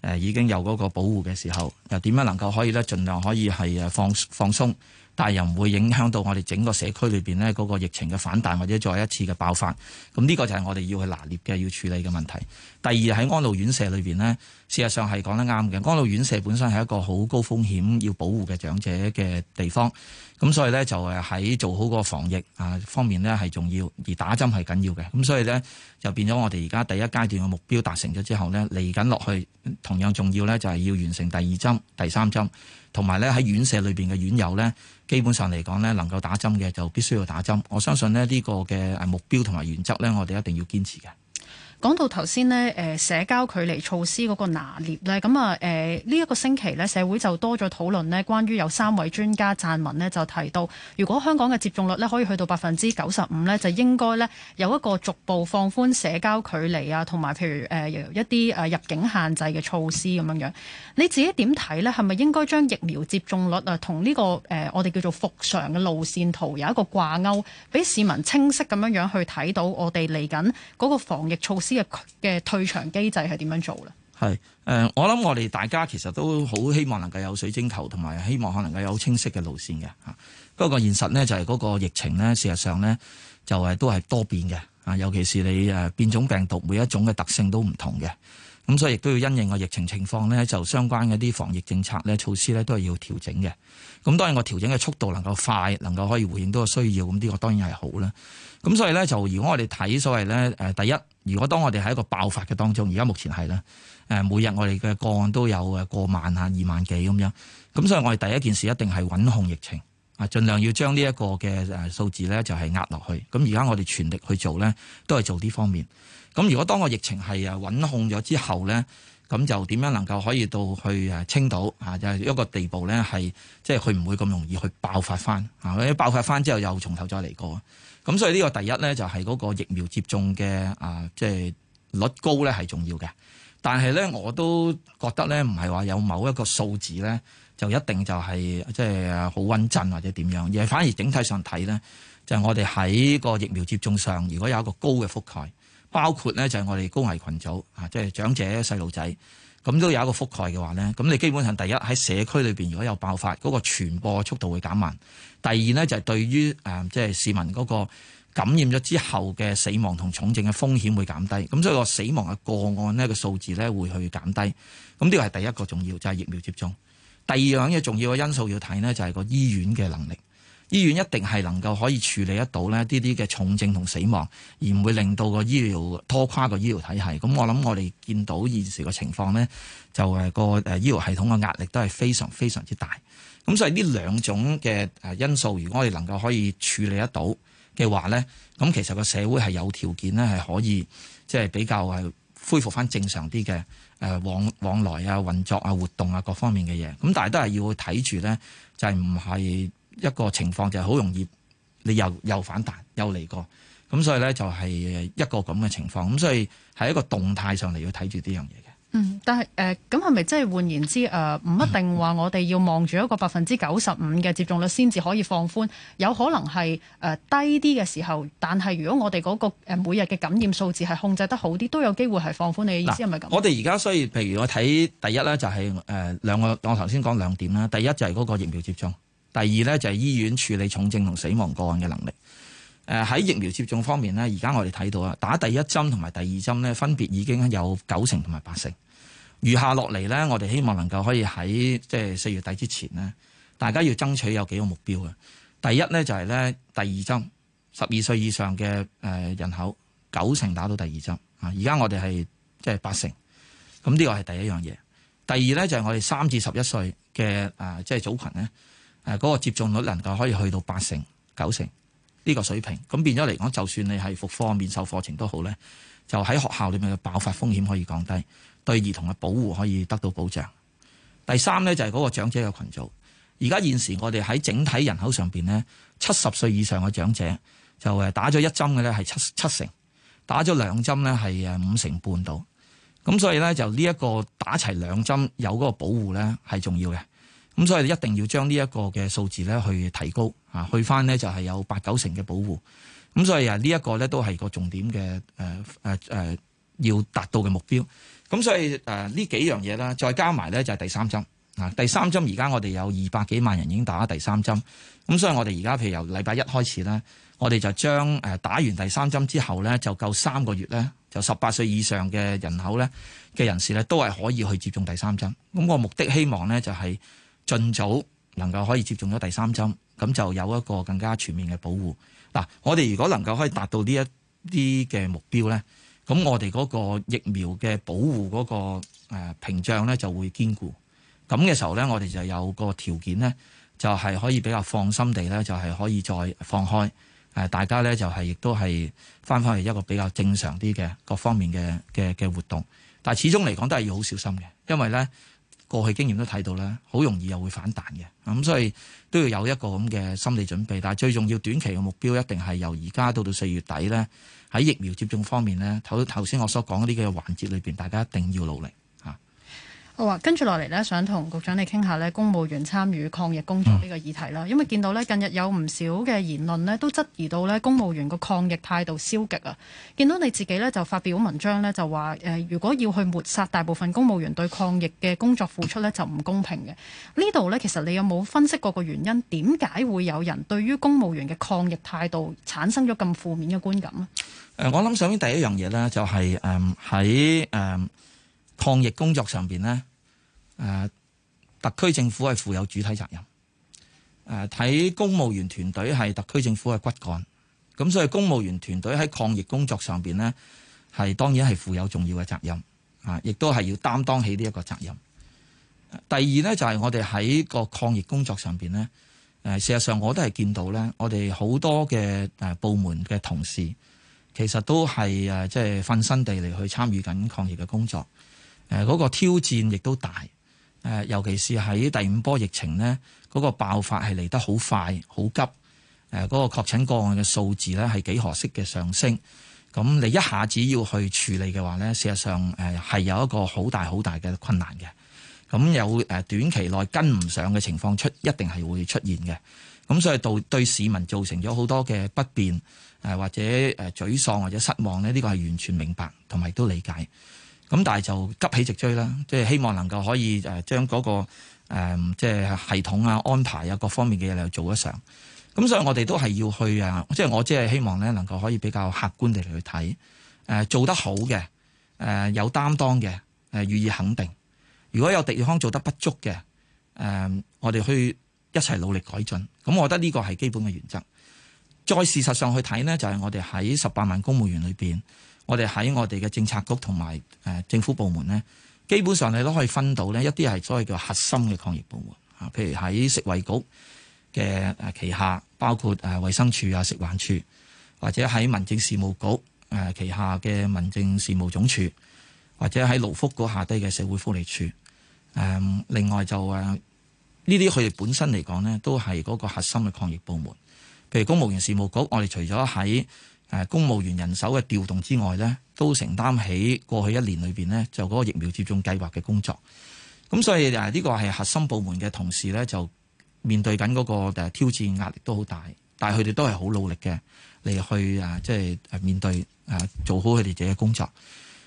呃，已經有嗰個保護嘅時候，又點樣能夠可以咧，盡量可以係誒放放鬆。但又唔會影響到我哋整個社區裏面呢嗰個疫情嘅反彈或者再一次嘅爆發，咁呢個就係我哋要去拿捏嘅要處理嘅問題。第二，喺安老院舍裏面呢，事實上係講得啱嘅。安老院舍本身係一個好高風險要保護嘅長者嘅地方，咁所以呢，就係喺做好個防疫啊方面呢係重要，而打針係緊要嘅。咁所以呢，就變咗我哋而家第一階段嘅目標達成咗之後呢，嚟緊落去，同樣重要呢，就係要完成第二針、第三針。同埋咧喺院舍裏面嘅院友咧，基本上嚟講咧能夠打針嘅就必須要打針。我相信咧呢個嘅目標同埋原則咧，我哋一定要堅持嘅。講到頭先呢誒社交距離措施嗰個拿捏咧，咁啊誒呢一個星期呢，社會就多咗討論呢關於有三位專家撰文呢，就提到如果香港嘅接種率呢，可以去到百分之九十五呢，就應該呢有一個逐步放寬社交距離啊，同埋譬如誒一啲誒入境限制嘅措施咁樣樣。你自己點睇呢？係咪應該將疫苗接種率啊同呢個誒我哋叫做復常嘅路線圖有一個掛鈎，俾市民清晰咁樣樣去睇到我哋嚟緊嗰個防疫措施？啲嘅退場機制係點樣做呢？係誒、呃，我諗我哋大家其實都好希望能夠有水晶球，同埋希望能夠有清晰嘅路線嘅吓。不、啊、過現實呢，就係、是、嗰個疫情呢，事實上呢，就係都係多變嘅啊。尤其是你誒、呃、變種病毒，每一種嘅特性都唔同嘅。咁所以亦都要因應個疫情情況呢，就相關嘅啲防疫政策呢，措施呢，都係要調整嘅。咁當然我調整嘅速度能夠快，能夠可以回應到個需要，咁呢個當然係好啦。咁所以呢，就如果我哋睇所謂呢誒、呃，第一。如果當我哋喺一個爆發嘅當中，而家目前係啦，誒每日我哋嘅個案都有誒過萬啊，二萬幾咁樣，咁所以我哋第一件事一定係穩控疫情啊，盡量要將呢一個嘅誒數字咧就係壓落去。咁而家我哋全力去做咧，都係做呢方面。咁如果當個疫情係誒穩控咗之後咧，咁就點樣能夠可以到去誒清島啊？就係一個地步咧，係即係佢唔會咁容易去爆發翻啊，爆發翻之後，又從頭再嚟過。咁所以呢個第一咧，就係嗰個疫苗接種嘅啊，即係率高咧係重要嘅。但係咧，我都覺得咧，唔係話有某一個數字咧，就一定就係即係好穩陣或者點樣，而係反而整體上睇咧，就係我哋喺個疫苗接種上，如果有一個高嘅覆蓋，包括咧就係我哋高危群組啊，即係長者、細路仔。咁都有一個覆蓋嘅話呢，咁你基本上第一喺社區裏面如果有爆發，嗰個傳播速度會減慢；第二呢，就係對於呃即係市民嗰個感染咗之後嘅死亡同重症嘅風險會減低，咁所以個死亡嘅個案呢，個數字呢會去減低。咁呢個係第一個重要，就係疫苗接種。第二樣嘢重要嘅因素要睇呢，就係個醫院嘅能力。醫院一定係能夠可以處理得到呢啲啲嘅重症同死亡，而唔會令到個醫療拖垮個醫療體系。咁我諗我哋見到現時個情況呢，就係個誒醫療系統嘅壓力都係非常非常之大。咁所以呢兩種嘅誒因素，如果我哋能夠可以處理得到嘅話呢，咁其實個社會係有條件呢，係可以即係比較係恢復翻正常啲嘅誒往往來啊、運作啊、活動啊各方面嘅嘢。咁但係都係要睇住呢，就係唔係。一個情況就係好容易，你又又反彈又嚟過，咁所以咧就係誒一個咁嘅情況，咁所以係一個動態上嚟要睇住呢樣嘢嘅。嗯，但係誒，咁係咪即係換言之誒，唔一定話我哋要望住一個百分之九十五嘅接種率先至可以放寬，有可能係誒低啲嘅時候，但係如果我哋嗰個誒每日嘅感染數字係控制得好啲，都有機會係放寬。你的意思係咪咁？我哋而家所以譬如我睇第一咧就係誒兩個，我頭先講兩點啦。第一就係嗰個疫苗接種。第二咧就係醫院處理重症同死亡個案嘅能力。誒喺疫苗接種方面咧，而家我哋睇到啊，打第一針同埋第二針咧，分別已經有九成同埋八成。餘下落嚟咧，我哋希望能夠可以喺即係四月底之前咧，大家要爭取有幾個目標嘅。第一咧就係咧，第二針十二歲以上嘅誒人口九成打到第二針啊！而家我哋係即係八成，咁呢個係第一樣嘢。第二咧就係我哋三至十一歲嘅誒即係組群咧。誒、那、嗰個接種率能夠可以去到八成、九成呢、這個水平，咁變咗嚟講，就算你係復課面授課程都好咧，就喺學校裏面嘅爆發風險可以降低，對兒童嘅保護可以得到保障。第三咧就係、是、嗰個長者嘅群組，而家現時我哋喺整體人口上面，咧，七十歲以上嘅長者就打咗一針嘅咧係七七成，打咗兩針咧係五成半度，咁所以咧就呢一個打齊兩針有嗰個保護咧係重要嘅。咁所以一定要將呢一個嘅數字咧去提高，去翻咧就係有八九成嘅保護。咁所以啊，呢一個咧都係個重點嘅、呃呃、要達到嘅目標。咁所以呃呢幾樣嘢啦，再加埋咧就係第三針啊。第三針而家我哋有二百幾萬人已經打咗第三針。咁所以我哋而家譬如由禮拜一開始咧，我哋就將呃打完第三針之後咧，就夠三個月咧，就十八歲以上嘅人口咧嘅人士咧，都係可以去接種第三針。咁我目的希望咧就係、是。盡早能夠可以接種咗第三針，咁就有一個更加全面嘅保護。嗱、啊，我哋如果能夠可以達到呢一啲嘅目標呢，咁我哋嗰個疫苗嘅保護嗰、那個、呃、屏障呢就會堅固。咁嘅時候呢，我哋就有一個條件呢，就係、是、可以比較放心地呢，就係、是、可以再放開誒、呃、大家呢，就係、是、亦都係翻返去一個比較正常啲嘅各方面嘅嘅嘅活動。但係始終嚟講都係要好小心嘅，因為呢。過去經驗都睇到咧，好容易又會反彈嘅，咁所以都要有一個咁嘅心理準備。但係最重要短期嘅目標一定係由而家到到四月底咧，喺疫苗接種方面咧，頭頭先我所講呢啲嘅環節裏面，大家一定要努力。好啊，跟住落嚟咧，想同局長你傾下呢公務員參與抗疫工作呢個議題啦、嗯。因為見到呢近日有唔少嘅言論呢都質疑到呢公務員個抗疫態度消極啊。見到你自己呢，就發表文章呢，就話誒，如果要去抹殺大部分公務員對抗疫嘅工作付出呢，就唔公平嘅。呢度呢，其實你有冇分析過個原因？點解會有人對於公務員嘅抗疫態度產生咗咁負面嘅觀感啊、呃？我諗首先第一樣嘢呢，就係喺抗疫工作上邊呢。誒、啊，特區政府係負有主體責任。誒、啊，睇公務員團隊係特區政府嘅骨幹，咁所以公務員團隊喺抗疫工作上邊呢，係當然係負有重要嘅責任啊！亦都係要擔當起呢一個責任、啊。第二呢，就係、是、我哋喺個抗疫工作上邊呢，誒、啊，事實上我都係見到呢，我哋好多嘅誒、啊、部門嘅同事，其實都係誒即係瞓身地嚟去參與緊抗疫嘅工作。誒、啊，嗰、那個挑戰亦都大。誒，尤其是喺第五波疫情呢，嗰個爆發係嚟得好快、好急，誒嗰個確診個案嘅數字呢，係幾何式嘅上升，咁你一下子要去處理嘅話呢，事實上誒係有一個好大好大嘅困難嘅，咁有誒短期內跟唔上嘅情況出一定係會出現嘅，咁所以對對市民造成咗好多嘅不便，誒或者誒沮喪或者失望呢，呢個係完全明白同埋都理解。咁但係就急起直追啦，即、就、係、是、希望能夠可以將嗰、那個即係、嗯就是、系統啊、安排啊各方面嘅嘢又做得上。咁所以我哋都係要去啊，即、就、係、是、我即係希望咧能夠可以比較客觀地嚟去睇做得好嘅、呃、有擔當嘅、呃、予以肯定。如果有地方做得不足嘅、呃、我哋去一齊努力改進。咁我覺得呢個係基本嘅原則。再事實上去睇呢，就係、是、我哋喺十八萬公務員裏面。我哋喺我哋嘅政策局同埋誒政府部門呢，基本上你都可以分到呢一啲係所謂叫核心嘅抗疫部門，啊，譬如喺食衛局嘅誒旗下，包括誒衞生署啊、食環署，或者喺民政事務局誒旗下嘅民政事務總署，或者喺勞福局下低嘅社會福利署。誒，另外就誒呢啲佢哋本身嚟講呢，都係嗰個核心嘅抗疫部門，譬如公務員事務局，我哋除咗喺誒公務員人手嘅調動之外咧，都承擔起過去一年裏面呢就嗰個疫苗接種計劃嘅工作。咁所以誒，呢個係核心部門嘅同事咧，就面對緊嗰個誒挑戰，壓力都好大。但係佢哋都係好努力嘅，嚟去即係、誒、面對做好佢哋自己嘅工作。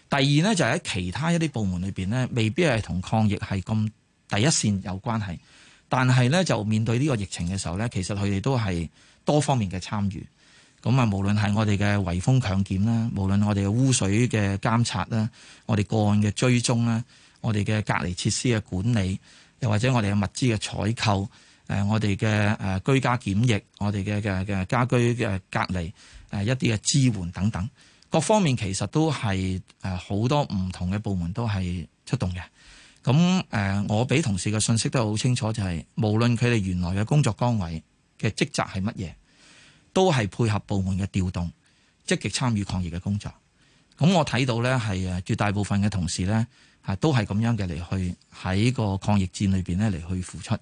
第二呢，就喺其他一啲部門裏面呢，未必係同抗疫係咁第一線有關係，但係咧就面對呢個疫情嘅時候咧，其實佢哋都係多方面嘅參與。咁啊，無論係我哋嘅圍封強檢啦，無論我哋嘅污水嘅監察啦，我哋個案嘅追蹤啦，我哋嘅隔離設施嘅管理，又或者我哋嘅物資嘅採購，誒我哋嘅誒居家檢疫，我哋嘅嘅嘅家居嘅隔離，誒一啲嘅支援等等，各方面其實都係誒好多唔同嘅部門都係出動嘅。咁誒，我俾同事嘅信息都好清楚，就係，就係無論佢哋原來嘅工作崗位嘅職責係乜嘢。都係配合部門嘅調動，積極參與抗疫嘅工作。咁我睇到呢係誒，係絕大部分嘅同事呢，都係咁樣嘅嚟去喺個抗疫戰裏面呢嚟去付出。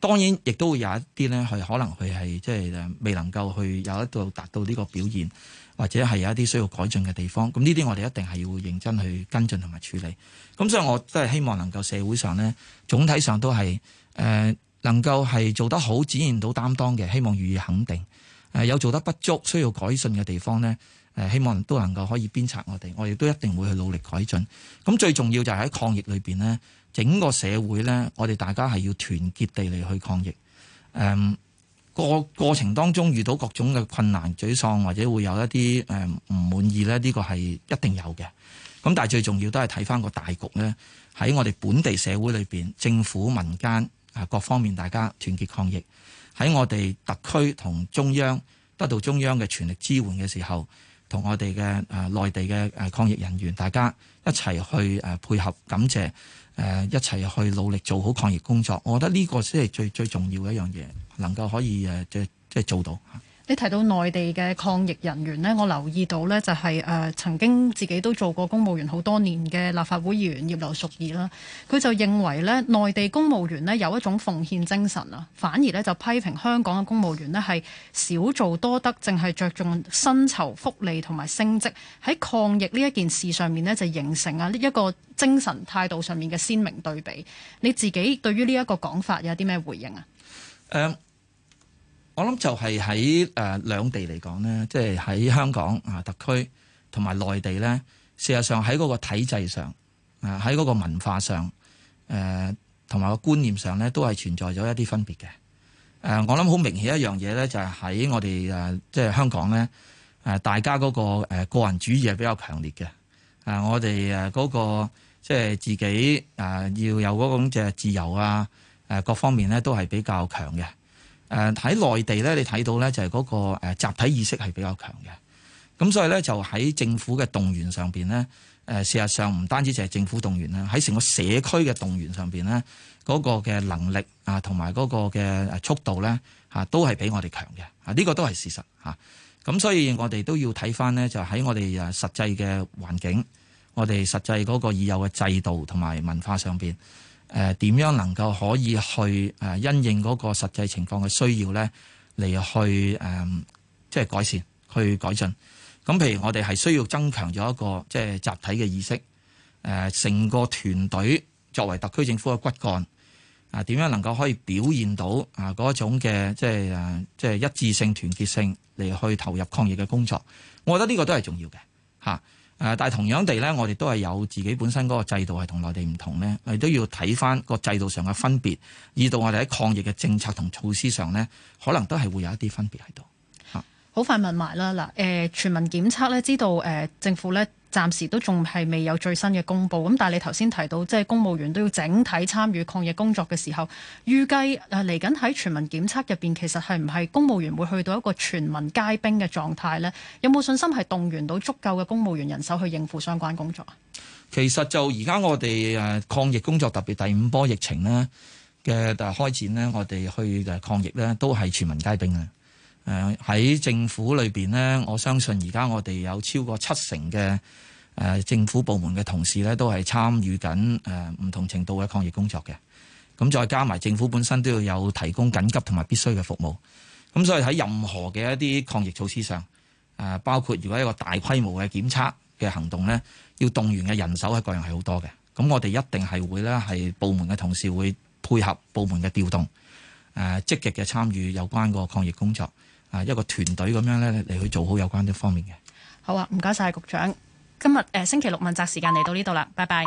當然亦都會有一啲呢，係可能佢係即係未能夠去有一度達到呢個表現，或者係有一啲需要改進嘅地方。咁呢啲我哋一定係要認真去跟進同埋處理。咁所以我都係希望能夠社會上呢，總體上都係誒、呃、能夠係做得好，展現到擔當嘅，希望予以肯定。誒有做得不足需要改進嘅地方呢，誒希望都能夠可以鞭策我哋，我哋都一定會去努力改進。咁最重要就係喺抗疫裏邊呢，整個社會呢，我哋大家係要團結地嚟去抗疫。誒過過程當中遇到各種嘅困難、沮喪，或者會有一啲誒唔滿意呢，呢、呢個係一定有嘅。咁但係最重要都係睇翻個大局呢，喺我哋本地社會裏邊，政府、民間啊各方面，大家團結抗疫。喺我哋特區同中央得到中央嘅全力支援嘅時候，同我哋嘅誒內地嘅抗疫人員大家一齊去配合，感謝一齊去努力做好抗疫工作。我覺得呢個先係最最重要嘅一樣嘢，能夠可以即係做到。一提到內地嘅抗疫人員咧，我留意到呢就係、是、誒、呃、曾經自己都做過公務員好多年嘅立法會議員葉劉淑儀啦，佢就認為咧內地公務員咧有一種奉獻精神啊，反而呢就批評香港嘅公務員咧係少做多得，淨係着重薪酬福利同埋升職，喺抗疫呢一件事上面咧就形成啊呢一個精神態度上面嘅鮮明對比。你自己對於呢一個講法有啲咩回應啊？誒、um。我諗就係喺誒兩地嚟講呢，即係喺香港啊、呃、特區同埋內地呢，事實上喺嗰個體制上誒，喺、呃、嗰個文化上誒，同、呃、埋個觀念上呢，都係存在咗一啲分別嘅。誒、呃，我諗好明顯一樣嘢呢，就係、係、喺我哋誒即係香港呢，誒、呃，大家嗰、嗰個誒、呃、個人主義係比較強烈嘅。誒、呃，我哋誒嗰個即係自己誒、呃、要有嗰種即係自由啊誒、呃，各方面呢都係比較強嘅。誒喺內地咧，你睇到咧就係嗰個集體意識係比較強嘅，咁所以咧就喺政府嘅動員上邊咧，誒事實上唔單止淨係政府動員啦，喺成個社區嘅動員上邊咧，嗰個嘅能力啊同埋嗰個嘅速度咧嚇都係比我哋強嘅，啊呢個都係事實嚇，咁所以我哋都要睇翻咧就喺我哋誒實際嘅環境，我哋實際嗰個已有嘅制度同埋文化上邊。誒點樣能夠可以去誒因應嗰個實際情況嘅需要咧，嚟去誒、嗯、即係改善、去改進。咁譬如我哋係需要增強咗一個即係集體嘅意識，誒成個團隊作為特區政府嘅骨幹啊，點樣能夠可以表現到啊嗰種嘅即係誒即係一致性、團結性嚟去投入抗疫嘅工作？我覺得呢個都係重要嘅嚇。誒，但係同樣地咧，我哋都係有自己本身嗰個制度係同內地唔同咧，我哋都要睇翻個制度上嘅分別，以到我哋喺抗疫嘅政策同措施上，呢可能都係會有一啲分別喺度。嚇，好快問埋啦，嗱，誒全民檢測咧，知道誒政府咧。暫時都仲係未有最新嘅公佈，咁但係你頭先提到即係公務員都要整體參與抗疫工作嘅時候，預計誒嚟緊喺全民檢測入邊，其實係唔係公務員會去到一個全民皆兵嘅狀態呢？有冇信心係動員到足夠嘅公務員人手去應付相關工作？其實就而家我哋誒抗疫工作特別第五波疫情呢嘅誒開展呢，我哋去誒抗疫呢都係全民皆兵啊！誒喺政府裏邊呢，我相信而家我哋有超過七成嘅誒政府部門嘅同事呢，都係參與緊誒唔同程度嘅抗疫工作嘅。咁再加埋政府本身都要有提供緊急同埋必須嘅服務。咁所以喺任何嘅一啲抗疫措施上，誒包括如果一個大規模嘅檢測嘅行動呢，要動員嘅人手係個量係好多嘅。咁我哋一定係會呢，係部門嘅同事會配合部門嘅調動，誒積極嘅參與有關個抗疫工作。啊，一個團隊咁樣咧嚟去做好有關啲方面嘅。好啊，唔該晒局長。今日誒、呃、星期六問責時間嚟到呢度啦，拜拜。